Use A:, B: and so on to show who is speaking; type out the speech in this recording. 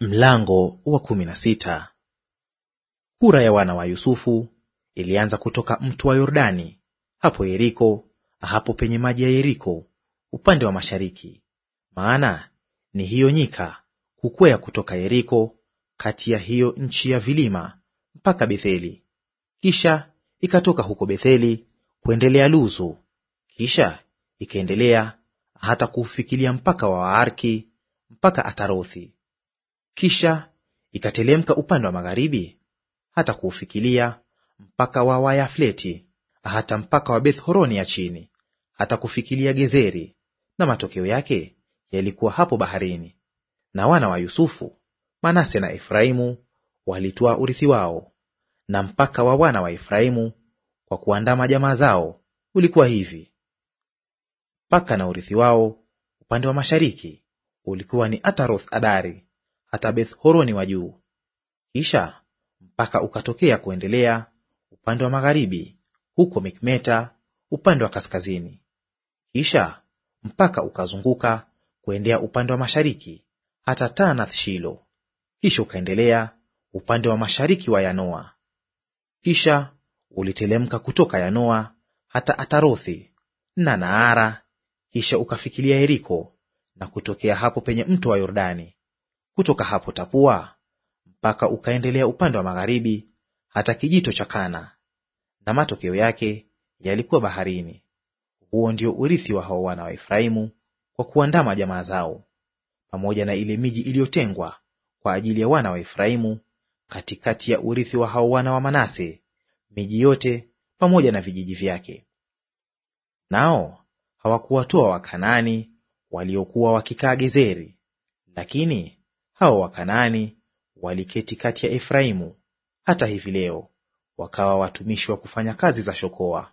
A: Mlango wa kumi na sita. Kura ya wana wa Yusufu ilianza kutoka mtu wa Yordani hapo Yeriko, hapo penye maji ya Yeriko, upande wa mashariki; maana ni hiyo nyika kukwea kutoka Yeriko, kati ya hiyo nchi ya vilima mpaka Betheli. Kisha ikatoka huko Betheli kuendelea Luzu, kisha ikaendelea hata kuufikilia mpaka wa Waarki mpaka Atarothi kisha ikatelemka upande wa magharibi hata kuufikilia mpaka wa Wayafleti, hata mpaka wa Beth Horoni ya chini, hata kufikilia Gezeri, na matokeo yake yalikuwa hapo baharini. Na wana wa Yusufu, Manase na Efraimu, walitoa urithi wao. Na mpaka wa wana wa Efraimu kwa kuandama jamaa zao ulikuwa hivi: mpaka na urithi wao upande wa mashariki ulikuwa ni Ataroth Adari hata Beth-horoni wa juu, kisha mpaka ukatokea kuendelea upande wa magharibi huko Mikmeta upande wa kaskazini, kisha mpaka ukazunguka kuendea upande wa mashariki hata Tanath Shilo, kisha ukaendelea upande wa mashariki wa Yanoa. Kisha ulitelemka kutoka Yanoa hata Atarothi na Naara, kisha ukafikilia Yeriko na kutokea hapo penye mto wa Yordani kutoka hapo Tapua mpaka ukaendelea upande wa magharibi hata kijito cha Kana, na matokeo yake yalikuwa baharini. Huo ndio urithi wa hao wana wa Efraimu kwa kuandama jamaa zao, pamoja na ile miji iliyotengwa kwa ajili ya wana wa Efraimu katikati ya urithi wa hao wana wa Manase, miji yote pamoja na vijiji vyake. Nao hawakuwatoa Wakanaani waliokuwa wakikaa Gezeri, lakini hao Wakanaani waliketi kati ya Efraimu hata hivi leo, wakawa watumishi wa kufanya kazi za shokoa.